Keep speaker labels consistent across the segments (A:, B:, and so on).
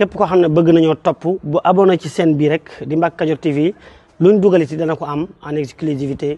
A: képp koo xam ne bëgg nañoo topp bu abonné ci chaîne bi rek di Mbacke Kadior TV luñ dugal ci dana ko am en exclusivité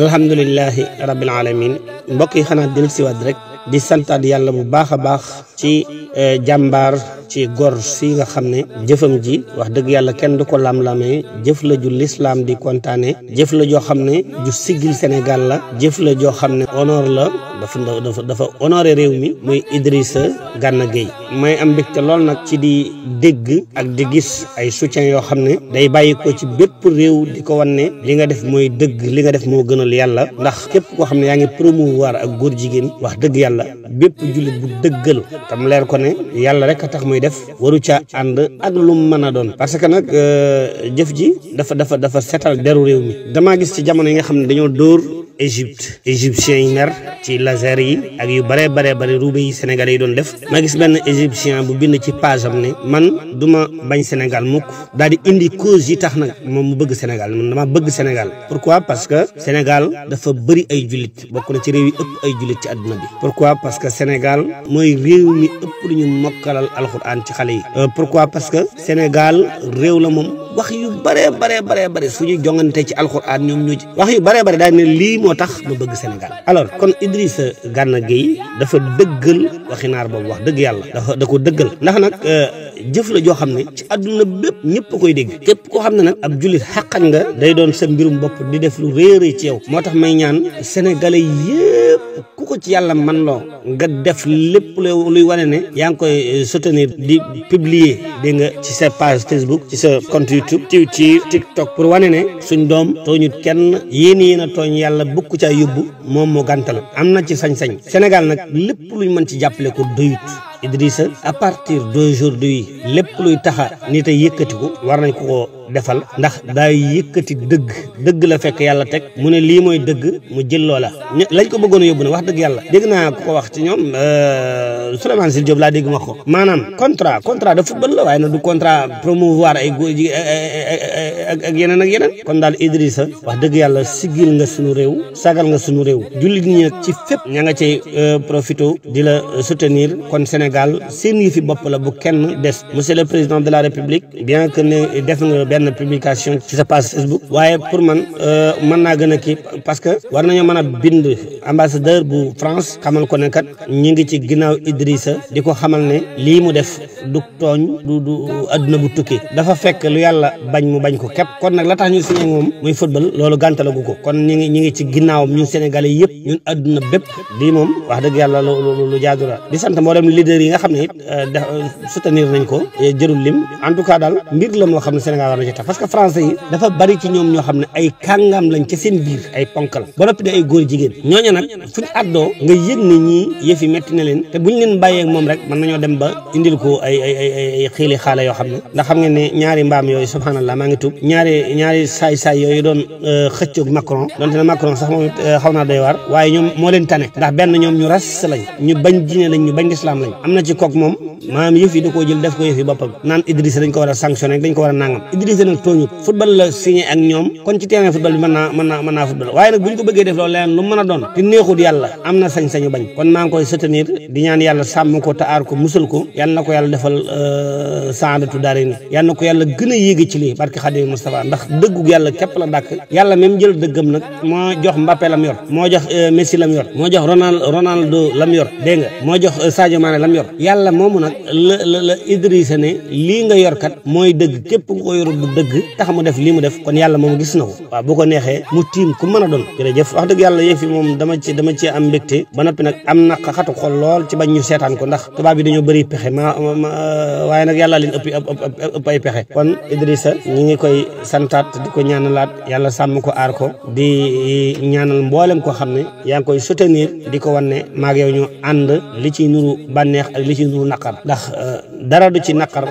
A: alhamdulilahi rabbil alamin mbokk yi xanaa dellu siwaat rek di santaat yàlla bu baax a baax ci eh, jàmbaar ci gor si nga xam ne jëfam ji wax dëgg yàlla kenn du ko lam-lamee jëf la ju lislaam di kontaane jëf la joo xam ne ju siggil Sénégal la jëf la joo xam ne honor la dafa dafa dafa honoré réew mi muy Idrissa Gana Gueye may am te lool nag ci di dégg ak di gis ay soutien yoo xam ne day bàyyi ko ci bépp réew di ko wan ne li nga def mooy dëgg li nga def moo gënal yàlla ndax képp koo xam ne yaa ngi promouvoir ak góor jigéen wax dëgg yàlla yàlla bépp jullit bu dëggal tam leer ko ne yàlla rek a tax muy def waru ca ànd ak lu mu mën a doon parce que nag euh, jëf ji dafa dafa dafa setal deru réew mi damaa gis ci jamono yi nga xam ne dañoo dóor Égypte égyptiens yi mer ci laser yi ak yu bare bare bare ruube yi sénégalais yi doon def ma gis benn égyptien bu bind ci page am ne man du ma bañ Sénégal mukk daal di indi cause yi tax nag moom mu bëgg Sénégal moom dama bëgg Sénégal pourquoi parce que Sénégal dafa bëri ay jullit bokk na ci réew yi ëpp ay jullit ci àdduna bi pourquoi parce que Sénégal mooy réew lu ñu mokkalal alxuraan ci xale yi euh, pourquoi parce que Sénégal réew la moom wax yu bare bare bare bare fu ñu jongante ci alxuraan ñoom ñu wax yu bare bare daal ne lii moo tax ma bëgg senegal alors kon sa Gana Gueye dafa dëggal waxi naar boobu wax dëgg yàlla dafa da ko dëggal ndax nag euh, jëf la joo xam ne ci àdduna bépp ñëpp koy dégg képp koo xam ne nag ab jullit xaqan nga day doon sa mbirum bopp di def lu réeré ci yow moo tax may ñaan sénégalais yëpp ku ko ci yàlla man loo nga def lépp luy wane ne yaa ngi koy euh, soutenir di publier dégg nga ci sa page Facebook ci sa compte YouTube ci ci TikTok pour wane ne suñ doom tooñut kenn yéen yéen a tooñ yàlla bukk caa yóbbu moom moo gàntal am na ci sañ-sañ Sénégal nag lépp luñ mën ci jàppale Idrissa à partir d'aujourd'hui lépp luy taxa nit yëkkati ko war nañ ko defal ndax daay yëkkati dëgg dëgg la fekk yàlla teg mu ne lii mooy dëgg mu jël loola lañ ko bëggoon a yóbbu ne wax dëgg yàlla dégg naa ko wax ci ñoom euh, Souleymane Sy Diop laa dégg wax ko maanaam contrat contrat de football la waaye nag du contrat promouvoir ay góor ji ak yeneen ak yeneen kon daal Idrissa wax dëgg yàlla siggil nga sunu réew sagal nga sunu réew jullit ñi nag ci fépp ña nga cay euh, profité di la soutenir kon Sénégal seen yi fi bopp la bu kenn des monsieur le président de la république bien que ne def nga benn publication ci sa page Facebook waaye pour man euh, mën naa gën a a bind ambassadeur ñu ngi ci ginnaaw Idrissa di ko xamal ne lii mu def du tooñ du du adduna bu tukki dafa fekk lu yàlla bañ mu bañ ko képp kon nag la tax ñu signé moom muy football loolu gàntalagu ko kon ñu ngi ñu ngi ci ginnaawam ñun Sénégalais yëpp ñun adduna bépp lii moom wax dëgg yàlla lu lu jaadu la di sant moo dem leader nga xam ne it euh, nañ ko jërul lim en daal mbir la moo xam ne Sénégal war na ci tax parce que français yi dafa bari ci ñoom ñoo xam ne ay kàngam lañ ci seen biir ay ponkal ba noppi di ay góor jigéen ñooñu nag fuñ àddoo nga yëg ne ñii yëf metti na leen te buñ leen bàyyee ak moom mën nañoo dem ba indil ko ay ay yoo xam ne ndax xam ngeen ne ñaari mbaam yooyu subhanallah maa ngi tuub ñaari ñaari saay-saay yooyu doon euh, xëccoog Macron donte sax moom euh, xaw naa doy waar waaye ñoom moo leen tane ndax benn ñoom ñu ras lañ ñu bañ diine lañ ñu bañ lislaam lañ am na ci kook moom maanaam yëf yi koo jël def ko yëf yi boppam naan Idriss dañ ko war a sanctionné dañ ko war a nangam Idriss organiser nag tooñut football la signé ak ñoom kon ci terrain football bi mën naa mën naa mën naa football waaye nag bu ñu ko bëggee def loolu leneen lu mën a doon te neexut yàlla am na sañ-sañu bañ kon maa ngi koy soutenir di ñaan yàlla sàmm ko te ko musal ko yàlla ko yàlla defal euh, saadatu daari ni yàlla ko yàlla gën a yéege ci lii barke Xadim Moustapha ndax dëggu yàlla képp la dàkk yàlla même jël dëggam nag moo jox Mbappé lam yor moo jox euh, Messi lam yor moo jox Ronald Ronaldo lam yor dégg nga moo jox euh, Sadio la la Idrissa ne lii nga yor kat mooy dëgg képp dëgg tax mu def lii mu def kon yàlla moom gis na ko waaw bu ko neexee mu tiim ku mën a doon jërëjëf wax dëgg yàlla yëf yi moom dama ci dama ci am mbégte ba noppi nag am na xatu xol lool ci bañ ñu seetaan ko ndax tubaab bi dañoo bëri pexe ma waaye nag yàlla leen ëpp ëpp ay pexe kon Idrissa ñi ngi koy santaat di ko ñaanalaat yàlla sàmm ko aar ko di ñaanal mboolem ko xam ne yaa ngi koy soutenir di ko wan ne maag yow ñu ànd li ciy nuru bànneex ak li ci nuru naqar ndax euh, dara du ci naqar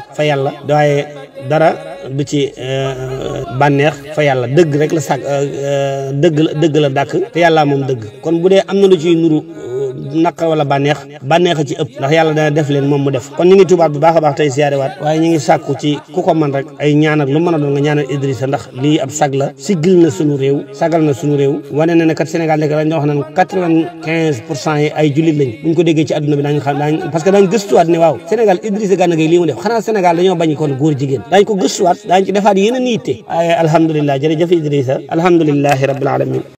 A: dara du ci euh, bànneex fa yàlla dëgg rek la sàkk euh, euh, dëgg la dëgg la dàkk te yàlla moom dëgg kon bu dee am na lu ciy nuru naq wala bànneex bànneex a ci ëpp ndax yàlla dana def leen moom mu def kon ñu ngi tubaat bu baax a baax tey siyaarewaat waaye ñu ngi sàkku ci ku ko man rek ay ñaan ak lu mën a doon nga ñaanal Idrissa ndax lii ab sag siggil na sunu réew sagal na sunu réew wane na ne kat Sénégal nekk lañ doon wax naan quatre vingt ko déggee ci àdduna bi daañu xam daañ parce que daañ gëstuwaat ne waaw Sénégal Idrissa Gana Gueye lii mu def xanaa Sénégal dañoo bañ kon góor jigéen daañ ko gëstuwaat daañ ci defaat yeneen yitte waaye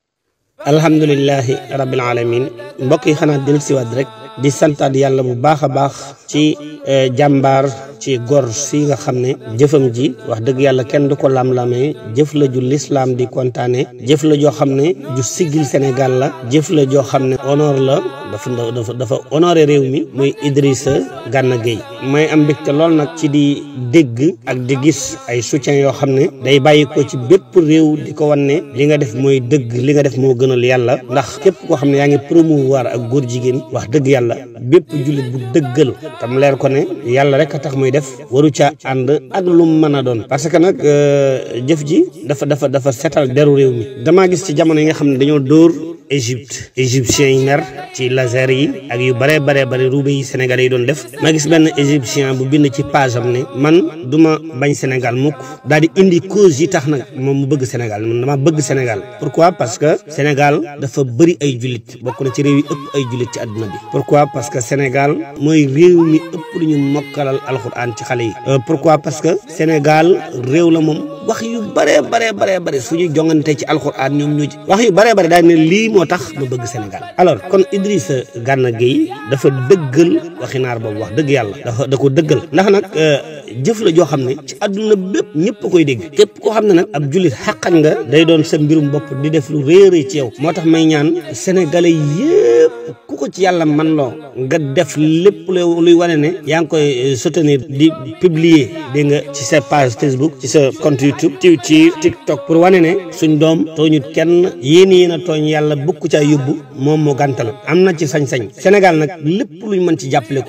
A: alhamdulilahi rabbil alamin mbokk yi xanaa dellu siwaat rek di santaat yàlla bu baax a baax ci eh, jàmbaar ci gor si nga xam ne jëfam ji wax dëgg yàlla kenn du ko lam-lamee jëf la ju lislaam di kontaane jëf la joo xam ne ju siggil Sénégal la jëf la joo xam ne honor la dafa dafa dafa honoré réew mi muy idris Gana Gueye may am mbégte lool nag ci di dégg ak di gis ay soutien yoo xam ne day bàyyi ko ci bépp réew di ko wan li nga def mooy dëgg li nga def moo gënal yàlla ndax képp koo xam ne yaa ngi promouvoir ak góor jigéen wax dëgg yàlla yàlla bépp jullit bu dëggal tam ko ne yàlla rek a tax muy def waru ca ànd ak lu mu mën a doon parce que nag euh, jëf ji dafa dafa dafa setal deru réew mi damaa gis ci jamono yi nga xam ne dañoo dóor Égypte égyptiens yi mer ci laser yi ak yu bare bare bare ruube yi sénégalais yi doon def ma gis benn égyptien bu bind ci page am ne man duma bañ Sénégal mukk daal di indi cause yi tax nag moom bëgg Sénégal man dama bëgg Sénégal pourquoi parce que Sénégal dafa bëri ay jullit bokk na ci réew yi ëpp ay ci àdduna bi pourquoi parce que Sénégal mooy réew mi lu ñu mokkalal alxuraan ci xale yi euh, pourquoi parce que Sénégal réew la moom wax yu bare bare bare bare suñu jongante ci alxuraan ñoom ñoo ci wax yu bare bare daal ne lii moo tax ma bëgg Sénégal alors kon Idrissa Gana Gueye dafa dëggal waxi naar boobu wax dëgg yàlla dafa da ko dëggal ndax nag euh, jëf la joo xam ne ci àdduna bépp ñëpp koy dégg képp koo xam ne nag ab jullit xaqan nga day doon sa mbirum bopp di def lu réeré ci yow moo tax may ñaan sénégalais yëpp ku ko ci yàlla man loo nga def lépp luy wane ne yaa ngi koy euh, soutenir di piblier dégg nga ci sa page Facebook ci sa compte YouTube ci ci TikTok pour wane ne suñ doom tooñut kenn yéen yéen a tooñ yàlla bukk caa yóbbu moom moo gàntal am na ci sañ-sañ Sénégal nag lépp luñ mën ci jàppale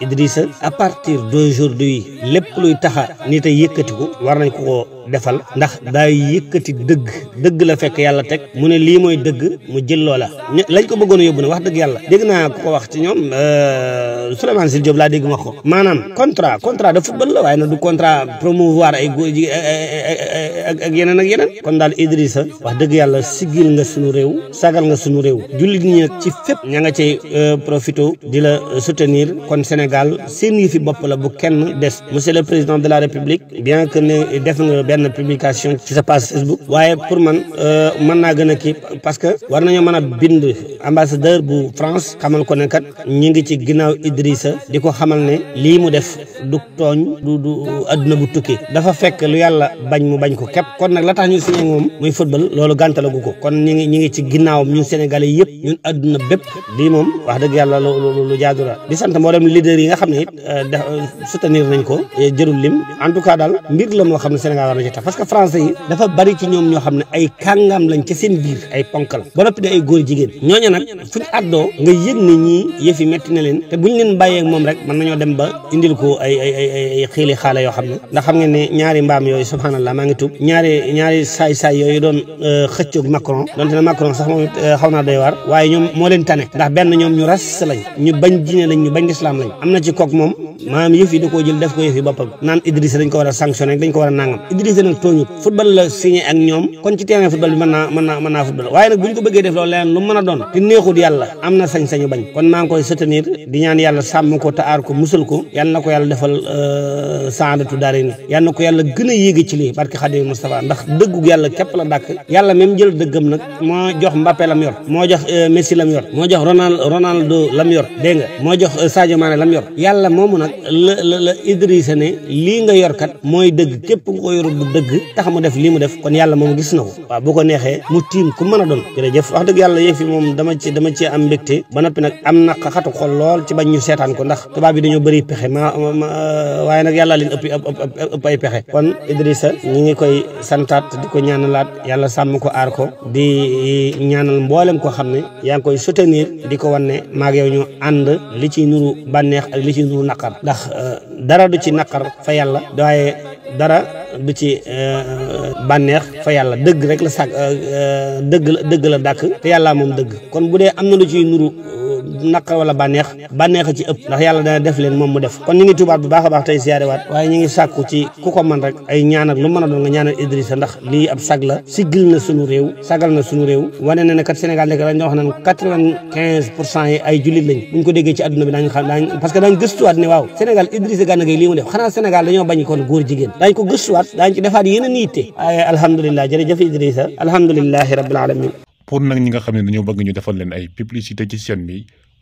A: Idrissa à partir d'aujourd'hui lépp luy taxa nit a yëkkatiku war nañ ko defal ndax daay yëkkati dëgg dëgg la fekk yàlla teg mu ne lii mooy dëgg mu jël loola lañ ko bëggoon a yóbbu ne wax dëgg yàlla dégg naa ku ko wax ci ñoom euh, Souleymane Sy Diop laa dégg wax ko maanaam contrat contrat de football la waaye nag du contrat promouvoir ay góor ji ak yeneen ak yeneen kon daal Idrissa wax dëgg yàlla siggil nga sunu réew sagal nga sunu réew jullit ñi nag ci fépp ña nga cay euh, profité di la soutenir kon Sénégal seen yi fi bopp la bu kenn des la république benn publication ci sa page Facebook waaye pour man euh, mën naa gën a kii parce a ko ne kat ñu ngi ci ginnaaw Idrissa di ko xamal ne lii mu def du tooñ du du bu tukki dafa fekk lu yàlla bañ mu bañ ko képp kon nag la tax ñu signé moom muy football loolu gàntalagu ko kon ñu ngi ñu ngi ci ginnaawam ñun Sénégalais yëpp ñun adduna bépp lii moom wax dëgg yàlla lu lu jaadu la di sant moo dem leader nga xam ne it euh, nañ ko jërul lim en daal mbir la moo xam ne Sénégal war na ci tax parce que français yi dafa bari ci ñoom ñoo xam ne ay kàngam lañ ci seen biir ay ponkal ba noppi di ay góor jigéen ñooñu nag fu ñu àddoo nga yëg ne ñii yëf metti na leen te buñ leen bàyyee moom rek mën nañoo dem ba indil ko ay ay yoo xam ne ndax xam ngeen ne ñaari mbaam yooyu subhanallah maa ngi tuub ñaari ñaari saay saay yooyu doon euh, xëccoog Macron donte ne sax moom euh, xaw naa doy waar waaye ñoom moo leen tane ndax benn ñoom ñu ras lañ ñu bañ diine lañ ñu bañ lislaam lañ am na ci kook moom maanaam yëf yi da jël def ko yëf yi boppam naan Idriss dañ ko war a sanctionné dañ ko war a nangam Idriss organiser nag tooñut football la signé ak ñoom kon ci terrain football bi mën naa mën waaye nag bu ñu ko bëggee def loolu leneen lu mën a doon te neexut yàlla am na sañ-sañu bañ kon maa ngi koy soutenir di ñaan yàlla sàmm ko te ko musal ko yàlla ko yàlla defal euh, saadatu daari ni yàlla ko yàlla gën a yéege ci lii barke Xadim Moustapha ndax dëggu yàlla képp la dàkk yàlla même jël dëggam nag moo jox Mbappé lam yor moo jox euh, Messi lam yor moo jox Ronald Ronaldo lam yor dégg nga moo jox euh, Sadio Mané la la Idrissa ne lii nga yor kat mooy dëgg képp nga dëgg tax mu def lii mu def kon yàlla moom gis na ko waaw bu ko neexee mu tiim ku mën a doon jërëjëf wax dëgg yàlla yëf yi moom dama ci dama ci am mbégte ba noppi nag am na xatu xol lool ci bañ ñu seetaan ko ndax tubaab bi dañoo bëri pexe ma waaye nag yàlla leen ëpp ëpp pexe kon Idrissa ñi ngi koy santaat di ko ñaanalaat yàlla sàmm ko aar ko di ñaanal mboolem ko xam ne yaa ngi koy soutenir di ko wan ne maag yow ñu ànd li ciy nuru bànneex ak li ci nuru naqar ndax euh, dara du ci naqar fa yàlla waaye dara du ci euh, bànneex fa yàlla dëgg rek la sàkk euh, euh, dëgg la dëgg la dàkk te yàllaa moom dëgg kon bu dee am na lu ciy nuru naqa wala bànneex bànneex ci ëpp ndax yàlla dana def leen moom mu def kon ñu ngi tubaat bu baax a baax tey waaye ñu ngi sàkku ci ku ko rek ay ñaan lu mën a doon nga ñaanal Idrissa ndax lii ab sag siggil na sunu réew sagal na sunu réew wane na ne kat Sénégal nekk dañ doon wax ne waaw Sénégal Idrissa Gana Gueye lii mu def xanaa Sénégal dañoo bañ kon góor jigéen daañ ko gëstuwaat daañ ci defaat yeneen yitte waaye alhamdulilah jërëjëf Idrissa